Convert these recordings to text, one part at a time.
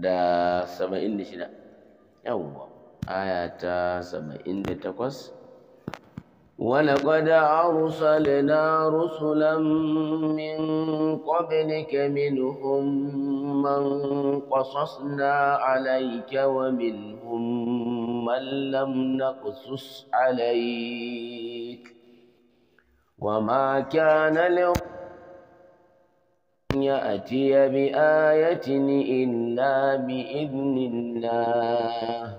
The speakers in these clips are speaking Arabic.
da saba'in da shida yawwa aya ta saba'in da takwas ولقد أرسلنا رسلا من قبلك منهم من قصصنا عليك ومنهم من لم نقصص عليك وما كان لهم يأتي بآية إلا بإذن الله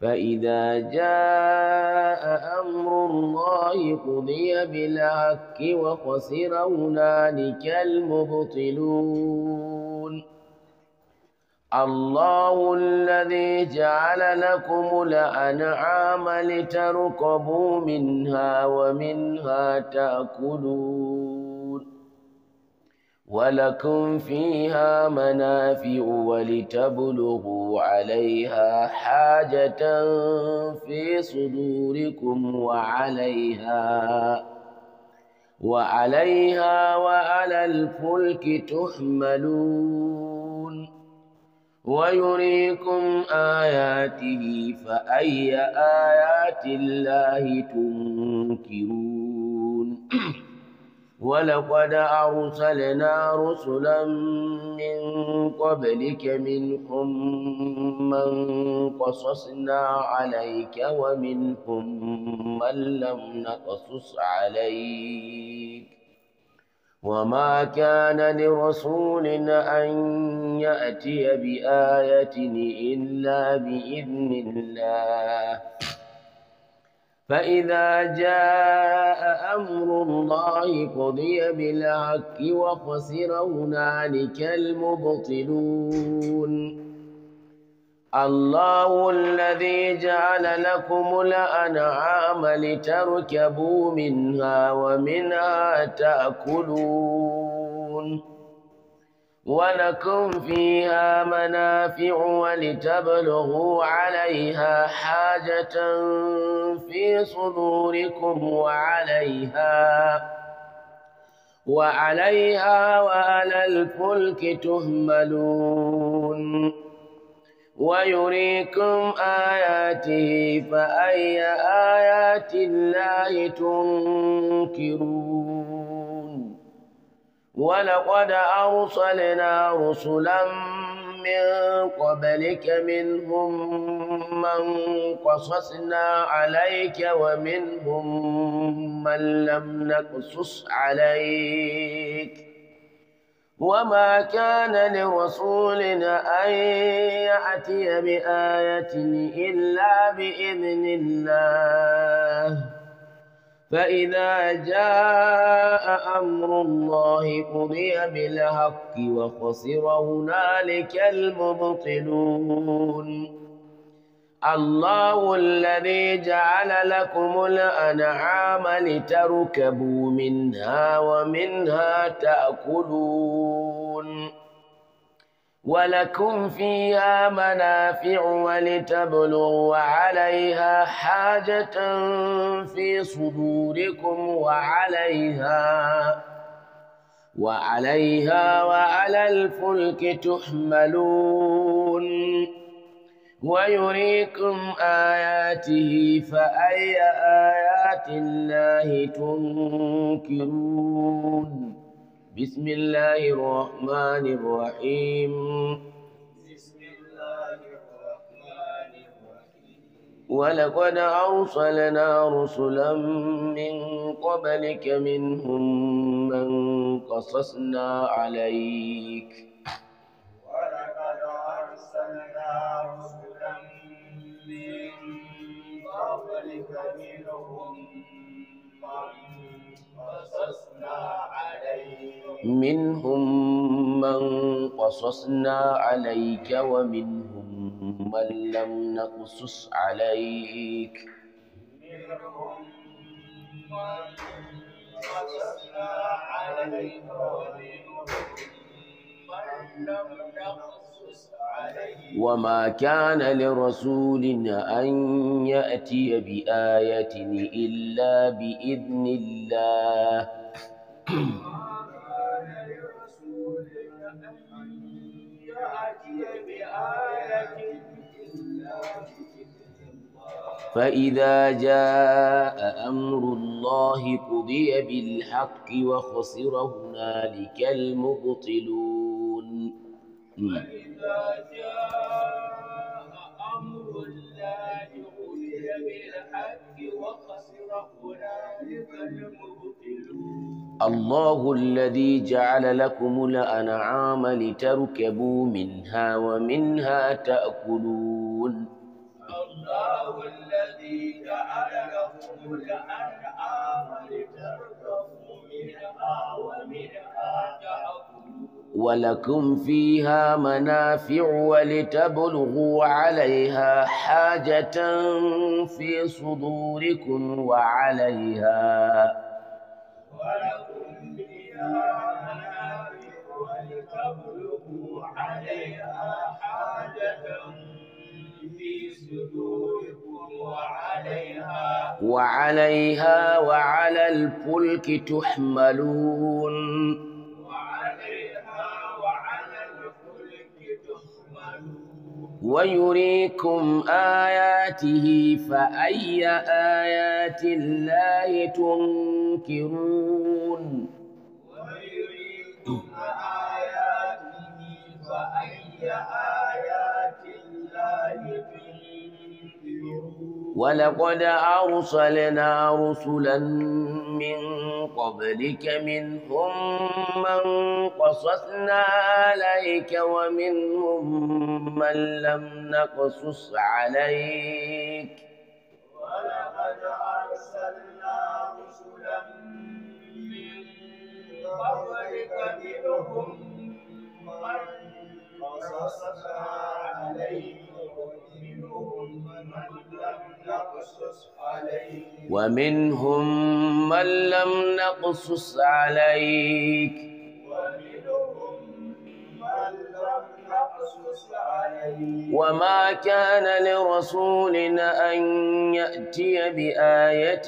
فإذا جاء أمر الله قضي بالحق وخسر هنالك المبطلون الله الذي جعل لكم الأنعام لتركبوا منها ومنها تأكلون ولكم فيها منافع ولتبلغوا عليها حاجة في صدوركم وعليها وعليها وعلى الفلك تحملون ويريكم آياته فأي آيات الله تنكرون ولقد أرسلنا رسلا من قبلك منهم من قصصنا عليك ومنهم من لم نقصص عليك وما كان لرسول أن يأتي بآية إلا بإذن الله فإذا جاء أمر الله قضي بالحق وخسر هنالك المبطلون الله الذي جعل لكم الأنعام لتركبوا منها ومنها تأكلون ولكم فيها منافع ولتبلغوا عليها حاجة في صدوركم وعليها وعليها وعلى الفلك تهملون ويريكم آياته فأي آيات الله تنكرون ولقد أرسلنا رسلا من قبلك منهم من قصصنا عليك ومنهم من لم نقصص عليك وما كان لرسولنا أن يأتي بآية إلا بإذن الله فإذا جاء أمر الله قضي بالحق وخسر هنالك المبطلون الله الذي جعل لكم الأنعام لتركبوا منها ومنها تأكلون ولكم فيها منافع ولتبلغوا عليها حاجة في صدوركم وعليها وعليها وعلى الفلك تحملون ويريكم آياته فأي آيات الله تنكرون بسم الله الرحمن الرحيم ولقد أرسلنا رسلا من قبلك منهم من قصصنا عليك منهم من قصصنا عليك ومنهم من لم نقصص عليك منهم من قصصنا عليك ومنهم وما كان لرسول أن يأتي بآية إلا بإذن الله فإذا جاء أمر الله قضي بالحق وخسر هنالك المبطلون فإذا جاء الله الذي جعل لكم الأنعام لتركبوا منها ومنها تأكلون الله الذي جعل لكم الأنعام لتركبوا منها ومنها تأكلون ولكم فيها منافع ولتبلغوا عليها حاجة في صدوركم وعليها وعليها وعلى الفلك تحملون وعليها وعلى الفلك تحملون ويريكم آياته فأي آيات الله تنكرون ويريكم ولقد أرسلنا رسلا من قبلك منهم من قصصنا عليك ومنهم من لم نقصص عليك ومنهم من لم نقصص عليك وما كان لرسول أن يأتي بآية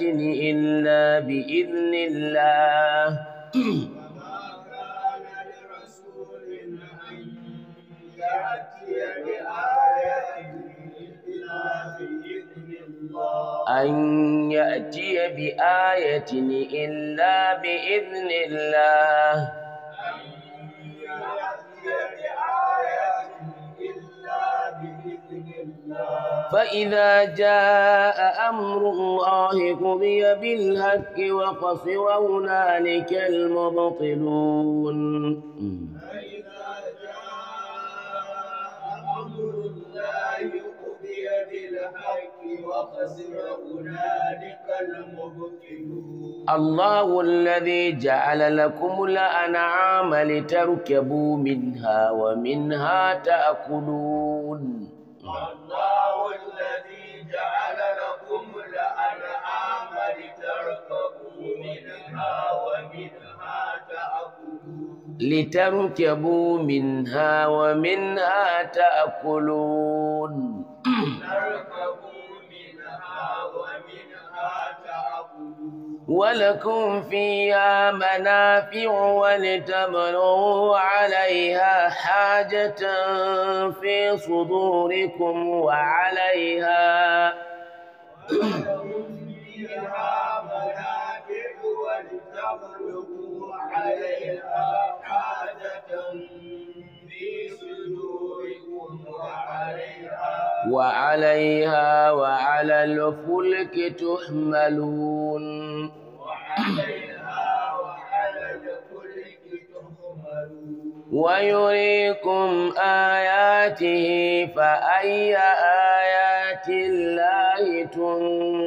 إلا بإذن الله أن يأتي بآية إلا بإذن الله فإذا جاء أمر الله قضي بالحق وقصر هنالك المبطلون فإذا جاء أمر الله قضي بالحق وقصر الله الذي جعل لكم الأنعام لتركبوا منها ومنها تأكلون الله الذي جعل لكم الأنعام لتركبوا منها ومنها تأكلون لتركبوا منها ومنها تأكلون ولكم فيها منافع ولتبلغوا عليها حاجة في صدوركم وعليها وعليها وعلى الفلك تحملون ويريكم آياته فأي آيات الله تنكرون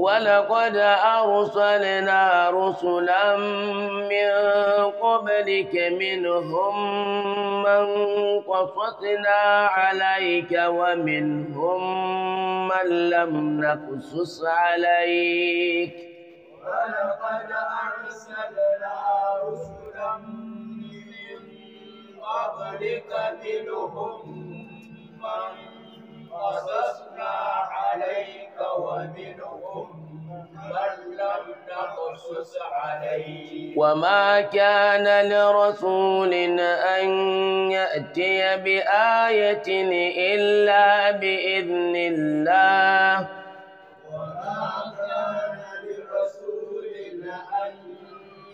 ولقد أرسلنا رسلا من قبلك منهم من قصصنا عليك ومنهم من لم نقصص عليك ولقد أرسلنا رسلا من قبلك منهم من وما كان لرسول أن يأتي بآية إلا بإذن الله وما كان لرسول أن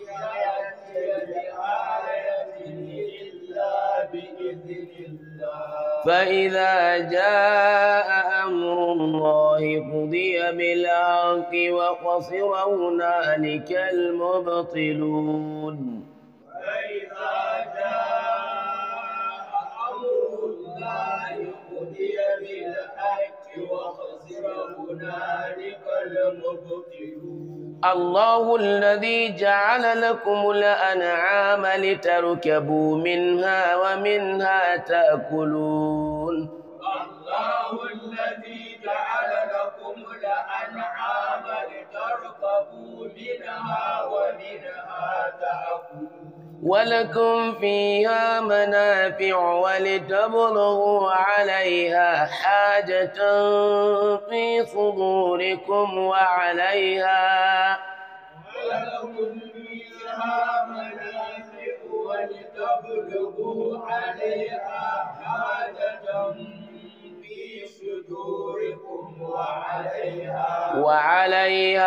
يأتي بآية إلا بإذن الله فإذا جاء أمر الله قضي بالحق وخسر هنالك المبطلون وإذا جاء أمر الله قضي بالحق وخسر هنالك المبطلون الله الذي جعل لكم الأنعام لتركبوا منها ومنها تأكلون ولكم فيها منافع ولتبلغوا عليها حاجة في صدوركم وعليها ولكم فيها منافع ولتبلغوا عليها حاجة في صدوركم وعليها وعليها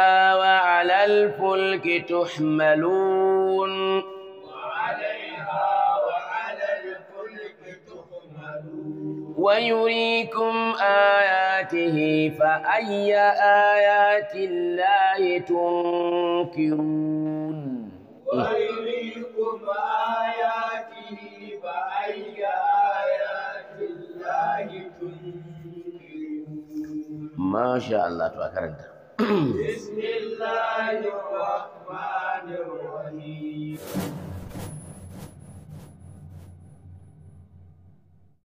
عليك تحملون وعليها وعلى الفلك تحملون ويريكم آياته فأي آيات الله تنكرون ويريكم آياته فأي آيات الله تنكرون ما شاء الله تبارك Bismillahirrahmanirrahim.